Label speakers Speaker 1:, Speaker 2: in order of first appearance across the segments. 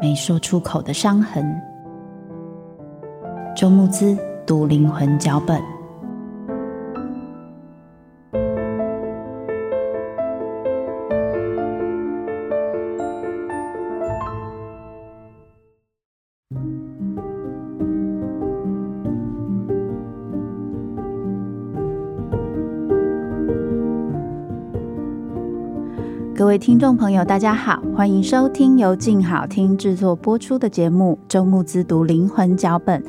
Speaker 1: 沒說出口的傷痕周木。周慕姿讀靈魂腳本。各位聽眾朋友，大家好，歡迎收聽由靜好聽制作播出的節目《周慕姿讀靈魂腳本》，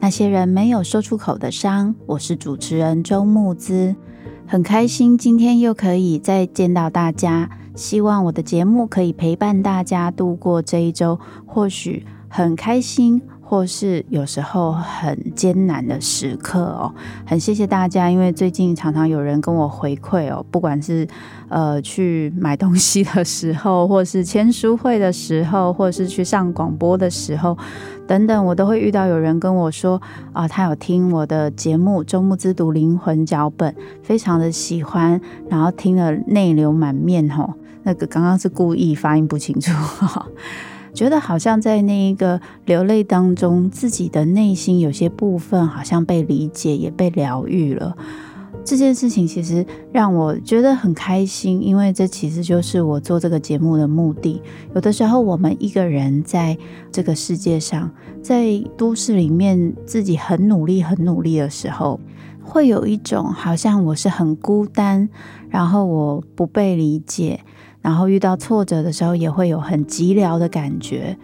Speaker 1: 那些人沒有說出口的傷，我是主持人周慕姿，很開心今天又可以再見到大家，希望我的節目可以陪伴大家度過這一周，或許很開心，或是有時候很艱難的時刻哦，很謝謝大家，因為最近常常有人跟我回饋哦，不管是呃去買東西的時候，或是簽書會的時候，或是去上廣播的時候等等，我都會遇到有人跟我說啊、呃，他有聽我的節目《周慕姿讀靈魂腳本》，非常的喜歡，然後聽得淚流滿面吼，那個剛剛是故意發音不清楚。覺得好像在那一個流淚當中，自己的內心有些部分好像被理解，也被療癒了。這件事情其實讓我覺得很開心，因為這其實就是我做這個節目的目的。有的時候，我們一個人在這個世界上，在都市裡面，自己很努力、很努力的時候，會有一種好像我是很孤單，然後我不被理解。然後遇到挫折的時候，也會有很寂寥的感覺。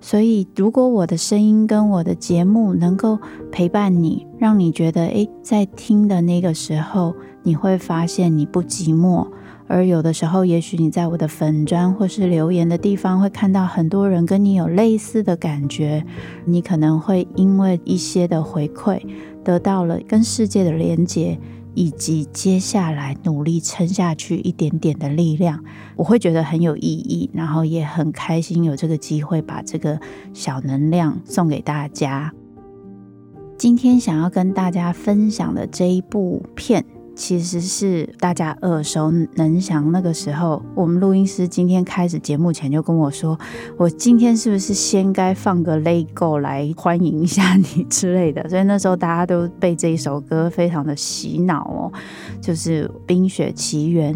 Speaker 1: 所以，如果我的聲音跟我的節目能夠陪伴你，讓你覺得，誒，在聽的那個時候，你會發現你不寂寞。而有的時候，也許你在我的粉專或是留言的地方，會看到很多人跟你有類似的感覺。你可能會因為一些的回饋，得到了跟世界的連接。以及接下來努力撐下去一點點的力量，我會覺得很有意義，然後也很開心有這個機會把這個小能量送給大家。今天想要跟大家分享的這一部片。其實是大家耳熟能詳。那個時候，我們錄音師今天開始節目前就跟我說：“我今天是不是先該放個 Let It Go 來歡迎一下你之類的？”所以那時候大家都被這一首歌非常的洗腦哦。就是《冰雪奇緣》，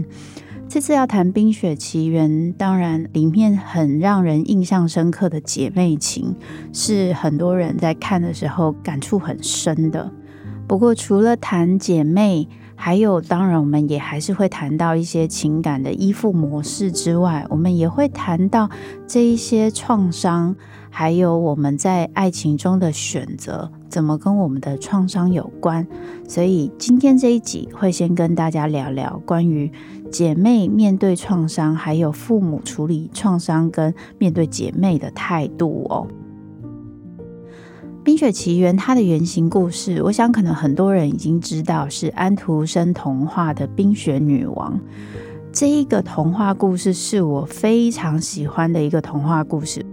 Speaker 1: 這次要談《冰雪奇緣》，當然裡面很讓人印象深刻的姐妹情，是很多人在看的時候感觸很深的。不過除了談姐妹，還有，當然，我們也還是會談到一些情感的依附模式之外，我們也會談到這一些創傷，還有我們在愛情中的選擇，怎麼跟我們的創傷有關。所以今天這一集會先跟大家聊聊關於姐妹面對創傷，還有父母處理創傷跟面對姐妹的態度哦、喔。《冰雪奇緣》它的原型故事，我想可能很多人已經知道，是安徒生童話的《冰雪女王》這一個童話故事，是我非常喜歡的一個童話故事。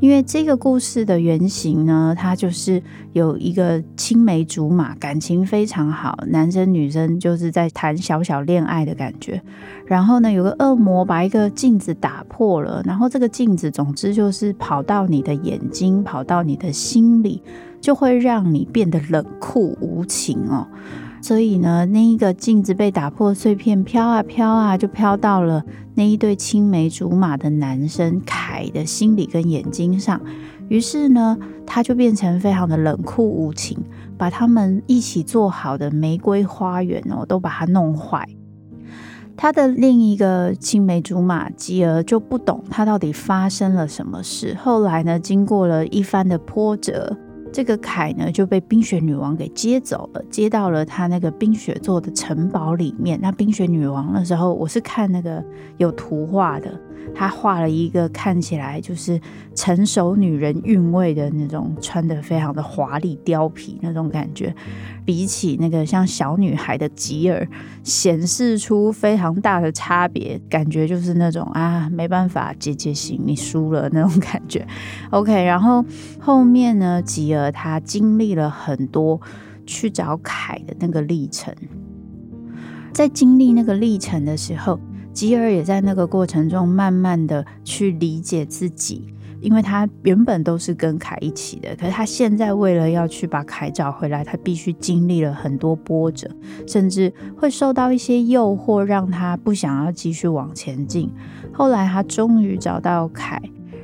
Speaker 1: 因為這個故事的原型呢，它就是有一個青梅竹馬，感情非常好，男生女生就是在談小小戀愛的感覺。然後呢，有個惡魔把一個鏡子打破了，然後這個鏡子，總之就是跑到你的眼睛，跑到你的心裡，就會讓你變得冷酷無情哦。所以呢，那一個鏡子被打破，碎片飄啊飄啊，就飄到了那一對青梅竹馬的男生凱的心裡跟眼睛上。於是呢，他就變成非常的冷酷無情，把他們一起做好的玫瑰花園哦，都把它弄壞。他的另一個青梅竹馬吉兒就不懂他到底發生了什麼事。後來呢，經過了一番的波折。這個凱呢，就被冰雪女王給接走了，接到了她那個冰雪座的城堡裡面。那冰雪女王那時候，我是看那個有圖畫的，她畫了一個看起來就是成熟女人韻味的那種，穿得非常的華麗貂皮那種感覺。嗯比起那個像小女孩的吉爾，顯示出非常大的差別，感覺就是那種啊，沒辦法，姐姐行，你輸了那種感覺。OK，然後後面呢，吉爾她經歷了很多去找凱的那個歷程，在經歷那個歷程的時候，吉爾也在那個過程中慢慢的去理解自己。因為他原本都是跟凱一起的，可是他現在為了要去把凱找回來，他必須經歷了很多波折，甚至會受到一些誘惑，讓他不想要繼續往前進。後來他終於找到凱，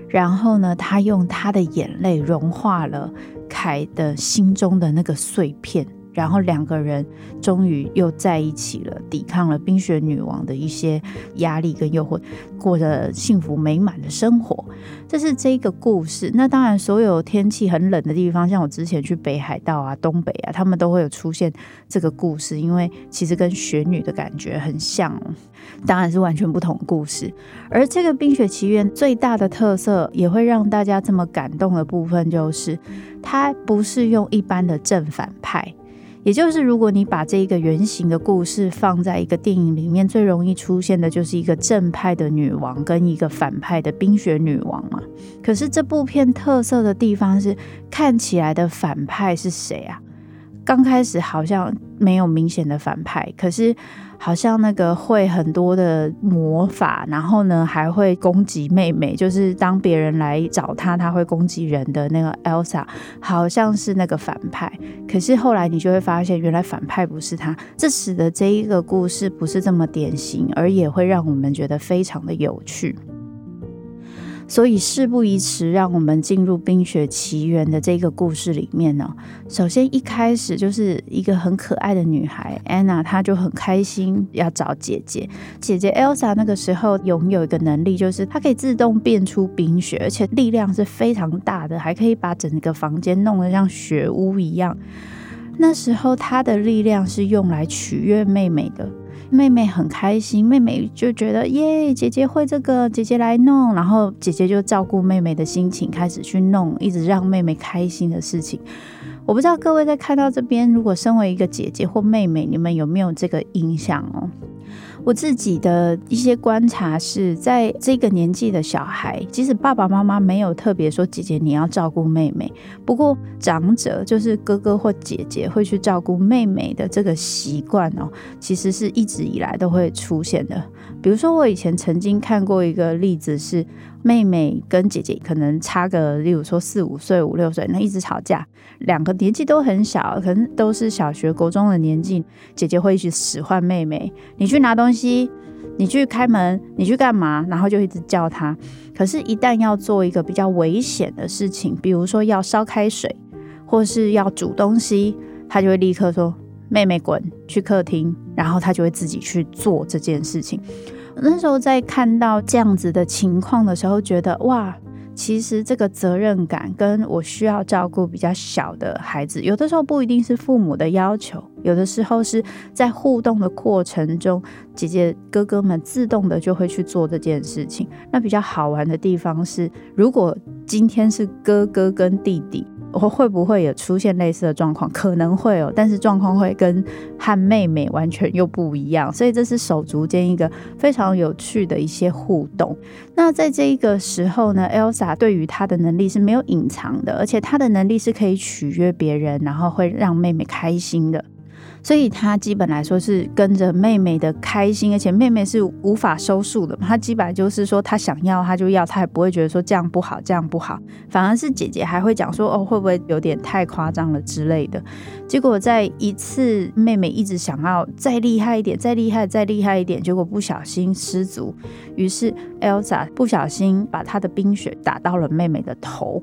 Speaker 1: 然後呢，他用他的眼淚融化了凱的心中的那個碎片。然後兩個人終於又在一起了，抵抗了冰雪女王的一些壓力跟誘惑，過着幸福美滿的生活。這是這個故事。那當然，所有天氣很冷的地方，像我之前去北海道啊、東北啊，他們都會有出現這個故事，因為其實跟雪女的感覺很像。當然是完全不同的故事。而這個《冰雪奇緣》最大的特色，也會讓大家這麼感動的部分，就是它不是用一般的正反派。也就是，如果你把這一個原型的故事放在一個電影裡面，最容易出現的就是一個正派的女王跟一個反派的冰雪女王嘛。可是這部片特色的地方是，看起來的反派是誰啊？剛開始好像沒有明顯的反派，可是好像那個會很多的魔法，然後呢還會攻擊妹妹，就是當別人來找他，他會攻擊人的那個 Elsa，好像是那個反派。可是後來你就會發現，原來反派不是他，這使得這一個故事不是這麼典型，而也會讓我們覺得非常的有趣。所以事不宜遲，讓我們進入《冰雪奇緣》的這個故事裡面呢。首先一開始就是一個很可愛的女孩安娜，Anna, 她就很開心要找姐姐。姐姐 Elsa 那個時候擁有一個能力，就是她可以自動變出冰雪，而且力量是非常大的，還可以把整個房間弄得像雪屋一樣。那時候她的力量是用來取悅妹妹的。妹妹很開心，妹妹就覺得耶，姐姐會這個，姐姐來弄。然後姐姐就照顧妹妹的心情，開始去弄，一直讓妹妹開心的事情。我不知道各位在看到這邊，如果身為一個姐姐或妹妹，你們有沒有這個印象哦？我自己的一些觀察是，在這個年紀的小孩，即使爸爸媽媽沒有特別說“姐姐，你要照顧妹妹”，不過長者就是哥哥或姐姐會去照顧妹妹的這個習慣哦，其實是一直以來都會出現的。比如說，我以前曾經看過一個例子是。妹妹跟姐姐可能差個，例如說四五歲、五六歲，那一直吵架。兩個年紀都很小，可能都是小學、國中的年紀。姐姐會去使喚妹妹，你去拿東西，你去開門，你去幹嘛，然後就一直叫她。可是，一旦要做一個比較危險的事情，比如說要燒開水，或是要煮東西，她就會立刻說：“妹妹滾，去客廳。”然後她就會自己去做這件事情。那時候在看到這樣子的情況的時候，覺得哇，其實這個責任感跟我需要照顧比較小的孩子，有的時候不一定是父母的要求，有的時候是在互動的過程中，姐姐哥哥們自動的就會去做這件事情。那比較好玩的地方是，如果今天是哥哥跟弟弟。我會不會有出現類似的狀況？可能會有，但是狀況會跟和妹妹完全又不一樣。所以這是手足間一個非常有趣的一些互動。那在這一個時候呢，Elsa 對於她的能力是沒有隱藏的，而且她的能力是可以取悅別人，然後會讓妹妹開心的。所以她基本來說是跟着妹妹的開心，而且妹妹是無法收束的。她基本上就是說她想要她就要，她也不會覺得說這樣不好，這樣不好，反而是姐姐還會講說哦，會不會有點太誇張了之類的。結果在一次妹妹一直想要再厲害一點，再厲害，再厲害一點，結果不小心失足，於是 Elsa 不小心把她的冰雪打到了妹妹的頭。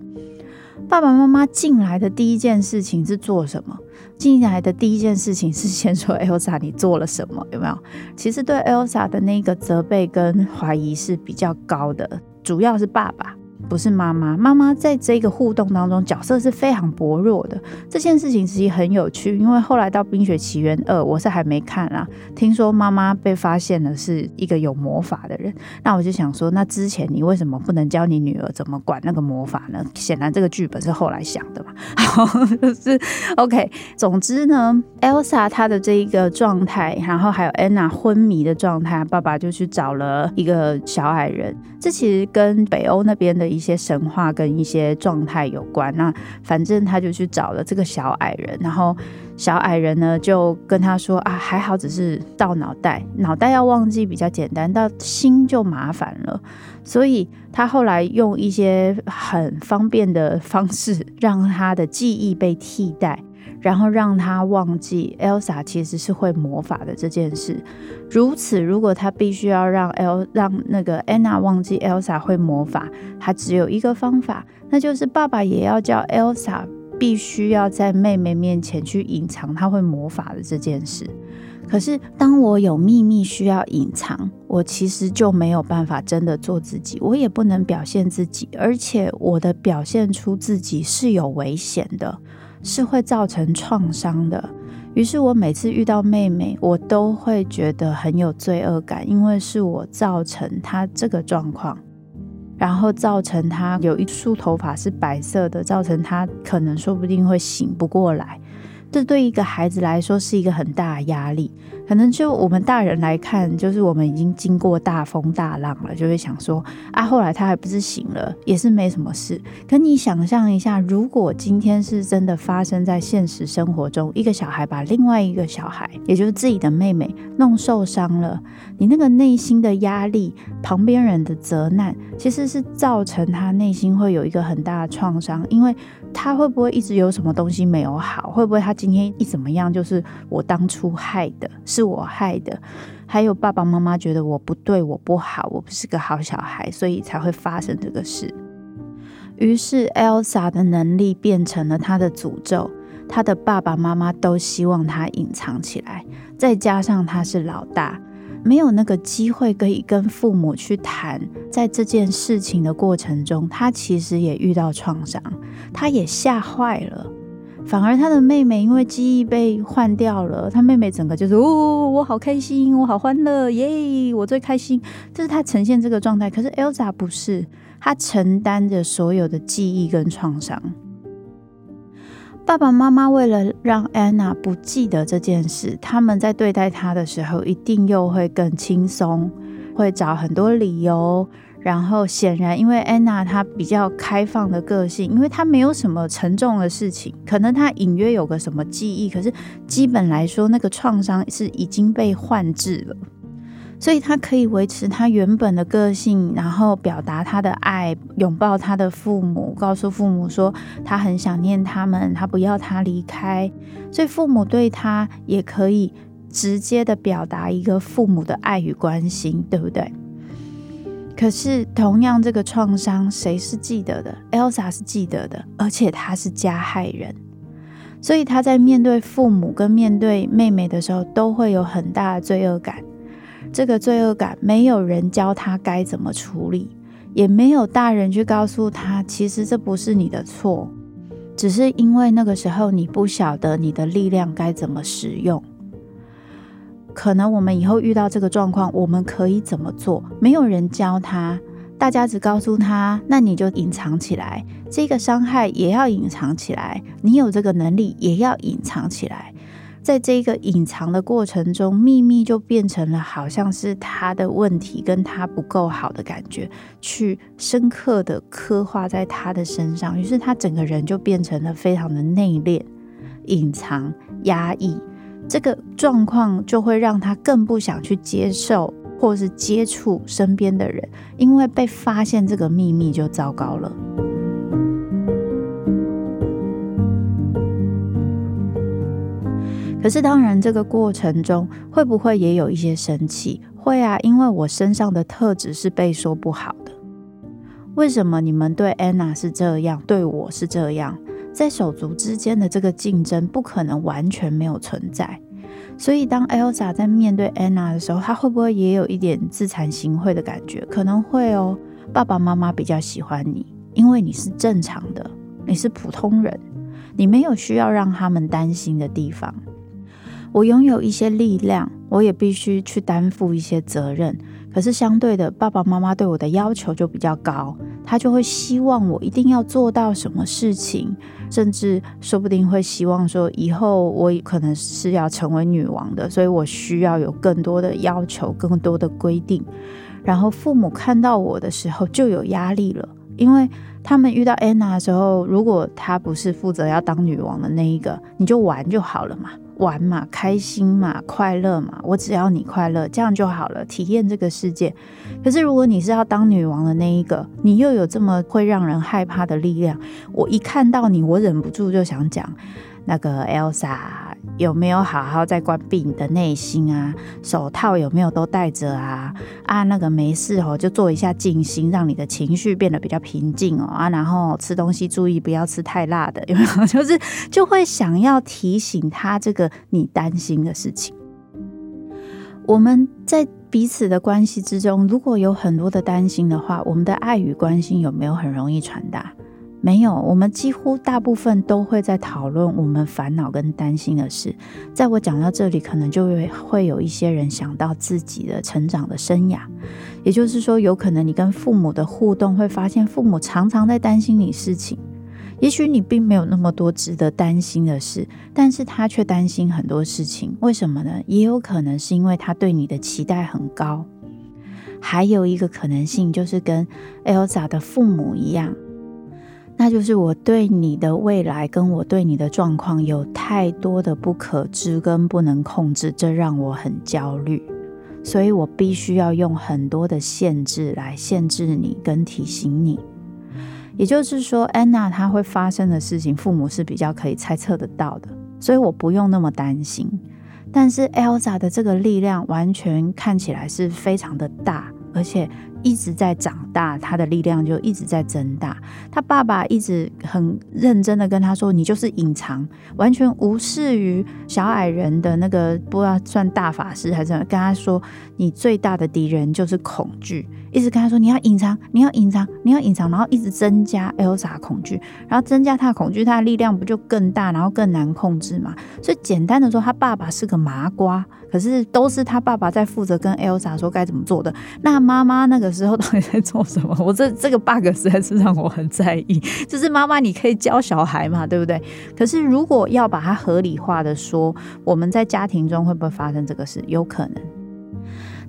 Speaker 1: 爸爸媽媽進來的第一件事情是做什麼？進來的第一件事情是先說：“Elsa 你做了什麼？有沒有？”其實對 Elsa 的那個責備跟懷疑是比較高的，主要是爸爸。不是媽媽，媽媽在這個互動當中角色是非常薄弱的。這件事情其實很有趣，因為後來到《冰雪奇緣二》，我是還沒看啊，聽說媽媽被發現了是一個有魔法的人，那我就想說，那之前你為什麼不能教你女兒怎麼管那個魔法呢？顯然這個劇本是後來想的嘛。好，就是 OK，總之呢，Elsa 她的這一個狀態，然後還有 Anna 昏迷的狀態，爸爸就去找了一個小矮人。這其實跟北歐那邊的。一些神話跟一些狀態有關，那反正他就去找了這個小矮人，然後小矮人呢就跟他說啊，還好只是到腦袋，腦袋要忘記比較簡單，到心就麻煩了，所以他後來用一些很方便的方式，讓他的記憶被替代。然後讓她忘記 Elsa 其實是會魔法的這件事。如此，如果他必須要讓 El 讓那個 Anna 忘記 Elsa 會魔法，他只有一個方法，那就是爸爸也要叫 Elsa 必須要在妹妹面前去隱藏她會魔法的這件事。可是，當我有秘密需要隱藏，我其實就沒有辦法真的做自己，我也不能表現自己，而且我的表現出自己是有危險的。是會造成創傷的。於是我每次遇到妹妹，我都會覺得很有罪惡感，因為是我造成她這個狀況，然後造成她有一束頭髮是白色的，造成她可能說不定會醒不過來。這對一個孩子來說是一個很大的壓力。可能就我們大人來看，就是我們已經經過大風大浪了，就會想說啊，後來他還不是醒了，也是沒什麼事。可你想象一下，如果今天是真的發生在現實生活中，一個小孩把另外一個小孩，也就是自己的妹妹弄受傷了，你那個內心的壓力，旁邊人的責難，其實是造成他內心會有一個很大的創傷，因為他會不會一直有什麼東西沒有好？會不會他今天一怎麼樣就是我當初害的？是我害的，還有爸爸媽媽覺得我不對，我不好，我不是個好小孩，所以才會發生這個事。於是 Elsa 的能力變成了她的詛咒，她的爸爸媽媽都希望她隱藏起來，再加上她是老大，沒有那個機會可以跟父母去談。在這件事情的過程中，她其實也遇到創傷，她也嚇壞了。反而他的妹妹因為記憶被換掉了，他妹妹整個就是哦，我好開心，我好歡樂，耶，我最開心。就是她呈現這個狀態。可是 Elsa 不是，她承擔着所有的記憶跟創傷。爸爸媽媽為了讓 Anna 不記得這件事，他們在對待她的時候一定又會更輕鬆，會找很多理由。然後顯然，因為安娜她比較開放的個性，因為她沒有什麼沉重的事情，可能她隱約有個什麼記憶，可是基本來說，那個創傷是已經被換治了，所以她可以維持她原本的個性，然後表達她的愛，擁抱她的父母，告訴父母說她很想念他們，她不要他離開，所以父母對她也可以直接的表達一個父母的愛與關心，對不對？可是，同樣這個創傷，誰是記得的？Elsa 是記得的，而且她是加害人，所以她在面對父母跟面對妹妹的時候，都會有很大的罪惡感。這個罪惡感，沒有人教她該怎麼處理，也沒有大人去告訴她，其實這不是你的錯，只是因為那個時候你不曉得你的力量該怎麼使用。可能我們以後遇到這個狀況，我們可以怎麼做？沒有人教他，大家只告訴他，那你就隱藏起來，這個傷害也要隱藏起來，你有這個能力也要隱藏起來。在這個隱藏的過程中，秘密就變成了好像是他的問題，跟他不夠好的感覺，去深刻的刻畫在他的身上，於是他整個人就變成了非常的內斂、隱藏、壓抑。這個狀況就會讓他更不想去接受，或是接觸身邊的人，因為被發現這個秘密就糟糕了。可是，當然，這個過程中會不會也有一些生氣？會啊，因為我身上的特質是被說不好的。為什麼你們對安娜是這樣，對我是這樣？在手足之間的這個競爭不可能完全沒有存在，所以當 Elsa 在面對 Anna 的時候，她會不會也有一點自慚形穢的感覺？可能會哦。爸爸媽媽比較喜歡你，因為你是正常的，你是普通人，你沒有需要讓他們擔心的地方。我擁有一些力量，我也必須去擔負一些責任。可是相對的，爸爸媽媽對我的要求就比較高，他就會希望我一定要做到什麼事情，甚至說不定會希望說以後我可能是要成為女王的，所以我需要有更多的要求、更多的規定。然後父母看到我的時候就有壓力了，因為他們遇到安娜的時候，如果她不是負責要當女王的那一個，你就玩就好了嘛。玩嘛，開心嘛，快樂嘛，我只要你快樂，這樣就好了，體驗這個世界。可是如果你是要當女王的那一個，你又有這麼會讓人害怕的力量，我一看到你，我忍不住就想講那個 Elsa。有沒有好好在關閉你的內心啊？手套有沒有都戴着啊？啊，那個沒事哦，就做一下靜心，讓你的情緒變得比較平靜哦。啊，然後吃東西注意不要吃太辣的，有沒有？就是就會想要提醒他這個你擔心的事情。我們在彼此的關係之中，如果有很多的擔心的話，我們的愛與關心有沒有很容易傳達？沒有，我們幾乎大部分都會在討論我們煩惱跟擔心的事。在我講到這裡，可能就會會有一些人想到自己的成長的生涯，也就是說，有可能你跟父母的互動會發現，父母常常在擔心你事情。也許你並沒有那麼多值得擔心的事，但是他卻擔心很多事情，為什麼呢？也有可能是因為他對你的期待很高。還有一個可能性就是跟 Elsa 的父母一樣。那就是我對你的未來跟我對你的狀況有太多的不可知跟不能控制，這讓我很焦慮，所以我必須要用很多的限制來限制你跟提醒你。也就是說，安娜她會發生的事情，父母是比較可以猜測得到的，所以我不用那麼擔心。但是 Elsa 的這個力量完全看起來是非常的大，而且。一直在長大，他的力量就一直在增大。他爸爸一直很認真的跟他說：“你就是隱藏，完全無視於小矮人的那個，不知道算大法師還是什麼……跟他說，你最大的敵人就是恐懼，一直跟他說你要隱藏，你要隱藏，你要隱藏，然後一直增加 Elsa 的恐懼，然後增加他的恐懼，他的力量不就更大，然後更難控制嗎？所以簡單的說，他爸爸是個麻瓜，可是都是他爸爸在負責跟 Elsa 說該怎麼做的。那媽媽那個時候到底在做什麼？我這這個 bug 實在是讓我很在意。 就是媽媽，你可以教小孩嘛，對不對？可是如果要把它合理化的說，我們在家庭中會不會發生這個事？有可能。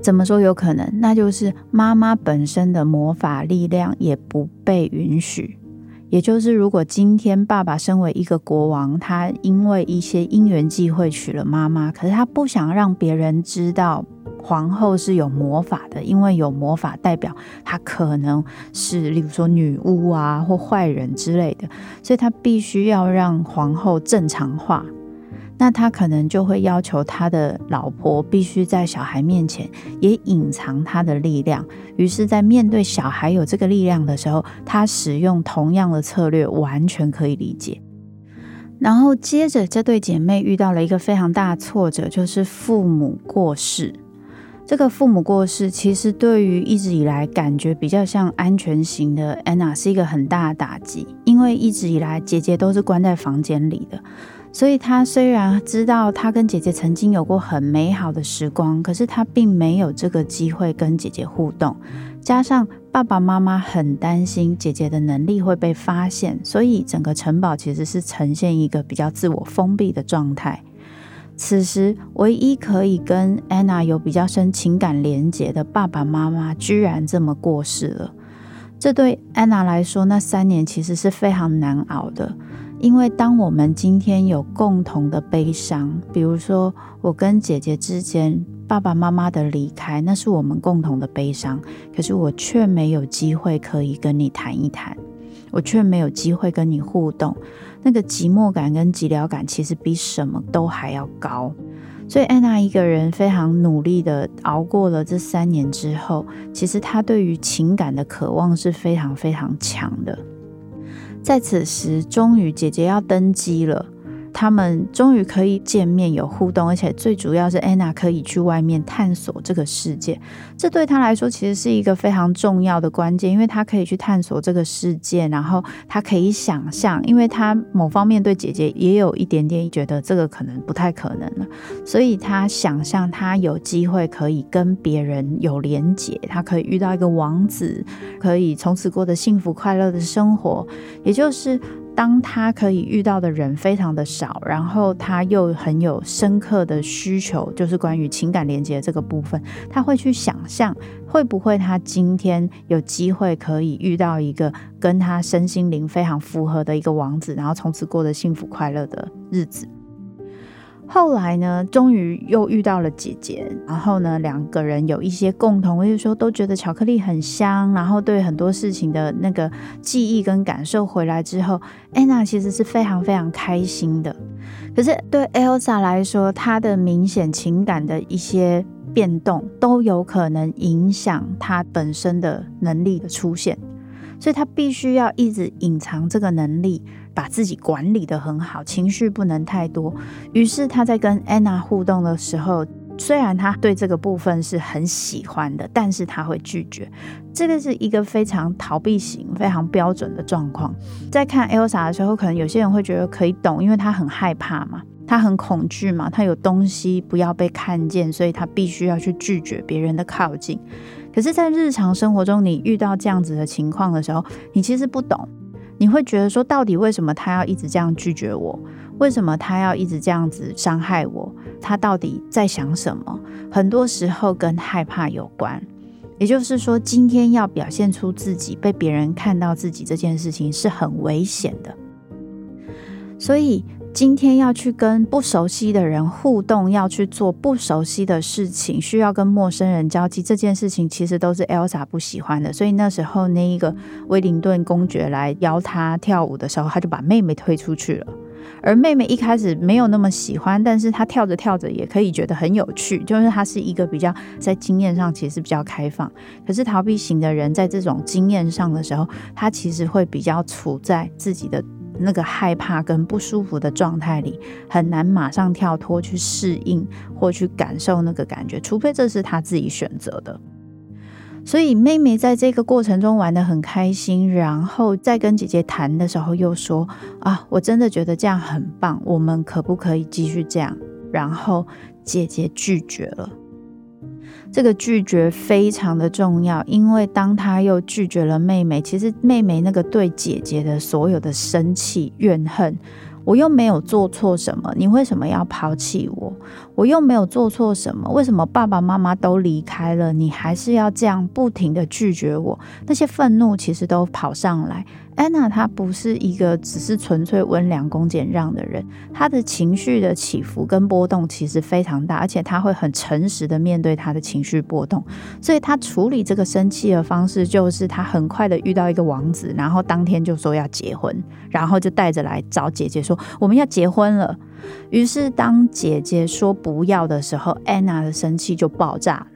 Speaker 1: 怎麼說有可能？那就是媽媽本身的魔法力量也不被允許。也就是如果今天爸爸身為一個國王，他因為一些因緣際會娶了媽媽，可是他不想讓別人知道。皇後是有魔法的，因為有魔法代表她可能是，例如說女巫啊或壞人之類的，所以她必須要讓皇后正常化。那他可能就會要求他的老婆必須在小孩面前也隱藏她的力量。於是，在面對小孩有這個力量的時候，她使用同樣的策略，完全可以理解。然後接着，這對姐妹遇到了一個非常大的挫折，就是父母過世。這個父母過世，其實對於一直以來感覺比較像安全型的安娜是一個很大的打擊，因為一直以來姐姐都是關在房間裡的，所以她雖然知道她跟姐姐曾經有過很美好的時光，可是她並沒有這個機會跟姐姐互動。加上爸爸媽媽很擔心姐姐的能力會被發現，所以整個城堡其實是呈現一個比較自我封閉的狀態。此時，唯一可以跟安娜有比較深情感連結的爸爸媽媽，居然這麼過世了。這對安娜來說，那三年其實是非常難熬的。因為當我們今天有共同的悲傷，比如說我跟姐姐之間爸爸媽媽的離開，那是我們共同的悲傷。可是我卻沒有機會可以跟你談一談，我卻沒有機會跟你互動。那個寂寞感跟寂寥感其實比什麼都還要高，所以安娜一個人非常努力的熬過了這三年之後，其實她對於情感的渴望是非常非常強的。在此時，終於姐姐要登基了。他們終於可以見面，有互動，而且最主要是安娜可以去外面探索這個世界，這對她來說其實是一個非常重要的關鍵，因為她可以去探索這個世界，然後她可以想象因為她某方面對姐姐也有一點點覺得這個可能不太可能了，所以她想象她有機會可以跟別人有連結，她可以遇到一個王子，可以從此過得幸福快樂的生活，也就是。當他可以遇到的人非常的少，然後他又很有深刻的需求，就是關於情感連接這個部分，他會去想象會不會他今天有機會可以遇到一個跟他身心靈非常符合的一個王子，然後從此過得幸福快樂的日子。後來呢，終於又遇到了姐姐，然後呢，兩個人有一些共同，就是說都覺得巧克力很香，然後對很多事情的那個記憶跟感受回來之後，Anna 其實是非常非常開心的。可是對 Elsa 來說，她的明顯情感的一些變動都有可能影響她本身的能力的出現，所以她必須要一直隱藏這個能力。把自己管理得很好，情緒不能太多。於是他在跟安娜互動的時候，雖然他對這個部分是很喜歡的，但是他會拒絕。這個是一個非常逃避型、非常標準的狀況。在看 Elsa 的時候，可能有些人會覺得可以懂，因為他很害怕嘛，他很恐懼嘛，他有東西不要被看見，所以他必須要去拒絕別人的靠近。可是，在日常生活中，你遇到這樣子的情況的時候，你其實不懂。你會覺得說，到底為什麼他要一直這樣拒絕我？為什麼他要一直這樣子傷害我？他到底在想什麼？很多時候跟害怕有關。也就是說，今天要表現出自己被別人看到自己這件事情是很危險的，所以。今天要去跟不熟悉的人互動，要去做不熟悉的事情，需要跟陌生人交際，這件事情其實都是 Elsa 不喜歡的。所以那時候那一個威靈頓公爵來邀她跳舞的時候，她就把妹妹推出去了。而妹妹一開始沒有那麼喜歡，但是她跳着跳着也可以覺得很有趣，就是她是一個比較在經驗上其實是比較開放。可是逃避型的人在這種經驗上的時候，她其實會比較處在自己的。那個害怕跟不舒服的狀態裡，很難馬上跳脫去適應或去感受那個感覺，除非這是他自己選擇的。所以妹妹在這個過程中玩得很開心，然後在跟姐姐談的時候又說：“啊，我真的覺得這樣很棒，我們可不可以繼續這樣？”然後姐姐拒絕了。這個拒絕非常的重要，因為當她又拒絕了妹妹，其實妹妹那個對姐姐的所有的生氣、怨恨，我又沒有做錯什麼，你為什麼要拋棄我？我又沒有做錯什麼，為什麼爸爸媽媽都離開了，你還是要這樣不停的拒絕我？那些憤怒其實都跑上來。安娜她不是一個只是純粹溫良恭儉讓的人，她的情緒的起伏跟波動其實非常大，而且她會很誠實的面對她的情緒波動，所以她處理這個生氣的方式就是她很快的遇到一個王子，然後當天就說要結婚，然後就帶着來找姐姐說，我們要結婚了。於是當姐姐說不要的時候，安娜的生氣就爆炸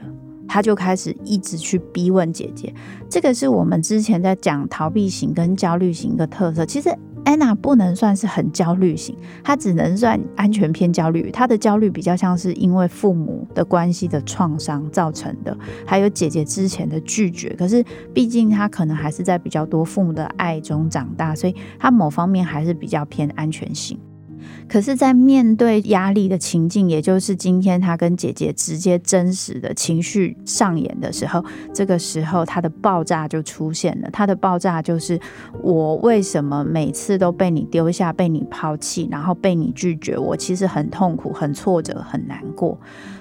Speaker 1: 他就開始一直去逼問姐姐，這個是我們之前在講逃避型跟焦慮型的特色。其實 Anna 不能算是很焦慮型，她只能算安全偏焦慮。她的焦慮比較像是因為父母的關係的創傷造成的，還有姐姐之前的拒絕。可是畢竟她可能還是在比較多父母的愛中長大，所以她某方面還是比較偏安全型。可是，在面對壓力的情境，也就是今天他跟姐姐直接真實的情緒上演的時候，這個時候他的爆炸就出現了。他的爆炸就是：我為什麼每次都被你丟下、被你拋棄、然後被你拒絕我？我其實很痛苦、很挫折、很難過。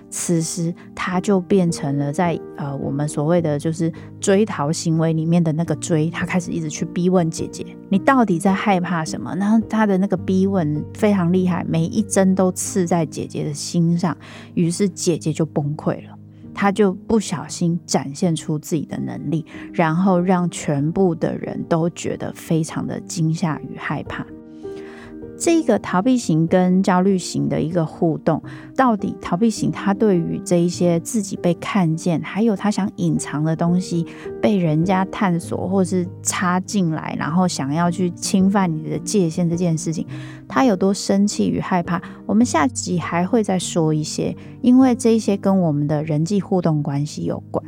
Speaker 1: 此時，他就變成了在呃，我們所謂的就是追逃行為裡面的那個追，他開始一直去逼問姐姐，你到底在害怕什麼？那他的那個逼問非常厲害，每一針都刺在姐姐的心上，於是姐姐就崩潰了，她就不小心展現出自己的能力，然後讓全部的人都覺得非常的驚嚇與害怕。這個逃避型跟焦慮型的一個互動，到底逃避型他對於這一些自己被看見，還有他想隱藏的東西被人家探索，或是插進來，然後想要去侵犯你的界限這件事情，他有多生氣與害怕？我們下集還會再說一些，因為這一些跟我們的人際互動關係有關。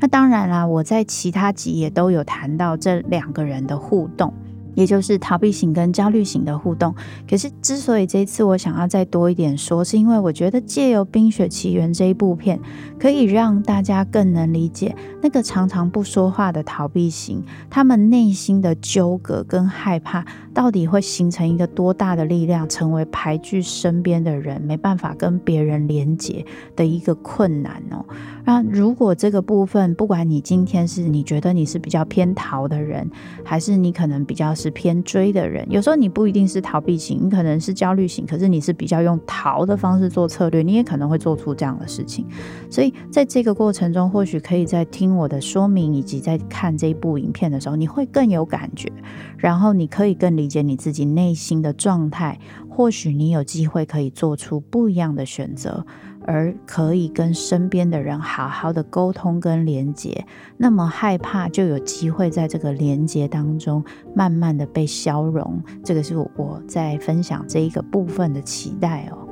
Speaker 1: 那當然啦、啊，我在其他集也都有談到這兩個人的互動。也就是逃避型跟焦慮型的互動。可是，之所以這一次我想要再多一點說，是因為我覺得借由《冰雪奇緣》這一部片，可以讓大家更能理解那個常常不說話的逃避型，他們內心的糾葛跟害怕。到底會形成一個多大的力量，成為排拒身邊的人，沒辦法跟別人連接的一個困難哦。那如果這個部分，不管你今天是你覺得你是比較偏逃的人，還是你可能比較是偏追的人，有時候你不一定是逃避型，你可能是焦慮型，可是你是比較用逃的方式做策略，你也可能會做出這樣的事情。所以在這個過程中，或許可以在聽我的說明以及在看這一部影片的時候，你會更有感覺，然後你可以更理解。解你自己內心的狀態，或許你有機會可以做出不一樣的選擇，而可以跟身邊的人好好的溝通跟連接，那麼害怕就有機會在這個連接當中慢慢的被消融。這個是我在分享這一個部分的期待哦。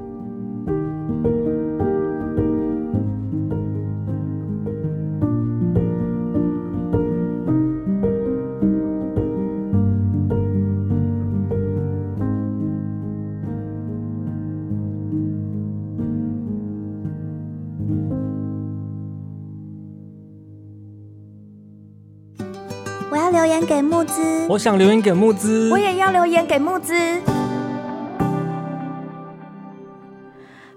Speaker 1: 給慕姿，我想留言給慕姿，我也要留言給慕姿。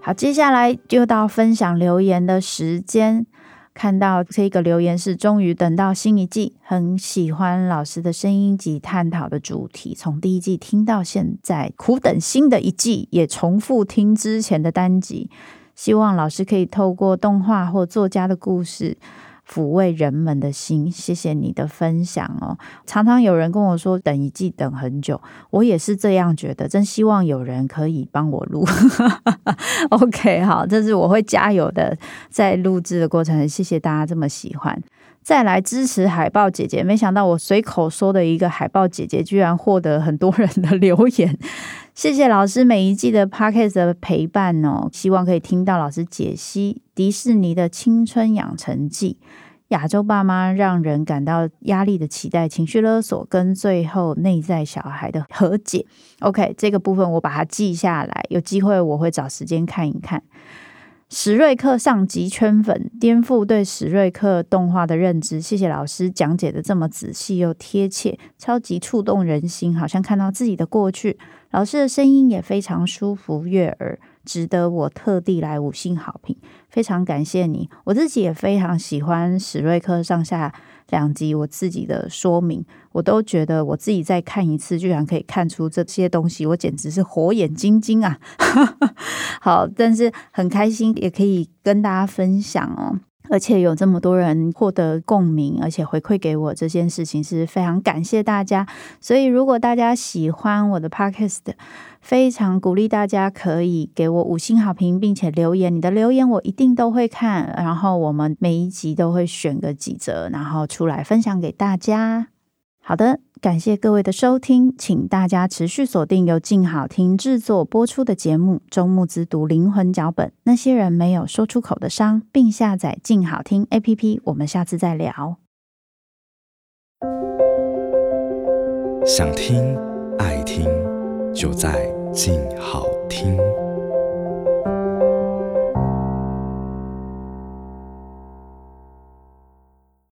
Speaker 1: 好，接下來就到分享留言的時間。看到這個留言是，終於等到新一季，很喜歡老師的聲音及探討的主題，從第一季聽到現在，苦等新的一季，也重複聽之前的單集，希望老師可以透過動畫或作家的故事。撫慰人們的心，謝謝你的分享哦。常常有人跟我說等一季等很久，我也是這樣覺得。真希望有人可以幫我錄。 OK，好，這是我會加油的。在錄製的過程，謝謝大家這麼喜歡，再來支持海豹姐姐。沒想到我隨口說的一個海豹姐姐，居然獲得很多人的留言。謝謝老師每一季的 podcast 的陪伴哦，希望可以聽到老師解析迪士尼的青春養成記，亞洲爸媽讓人感到壓力的期待、情緒勒索，跟最後內在小孩的和解。OK，這個部分我把它記下來，有機會我會找時間看一看。史瑞克上集圈粉，顛覆對史瑞克動畫的認知。謝謝老師講解得這麼仔細又貼切，超級觸動人心，好像看到自己的過去。老師的聲音也非常舒服悅耳，月值得我特地來五星好評。非常感謝你，我自己也非常喜歡史瑞克上下兩集，我自己的說明，我都覺得我自己再看一次，居然可以看出這些東西，我簡直是火眼金睛啊！ 好，但是很開心，也可以跟大家分享哦。而且有這麼多人獲得共鳴，而且回饋給我這件事情是非常感謝大家。所以，如果大家喜歡我的 podcast，非常鼓勵大家可以給我五星好評，並且留言。你的留言我一定都會看，然後我們每一集都會選個幾則，然後出來分享給大家。好的。感謝各位的收聽，請大家持續鎖定由靜好聽制作播出的節目《周慕姿讀靈魂腳本》，那些人沒有說出口的傷，並下載靜好聽 APP。我們下次再聊。想聽愛聽，就在靜好聽。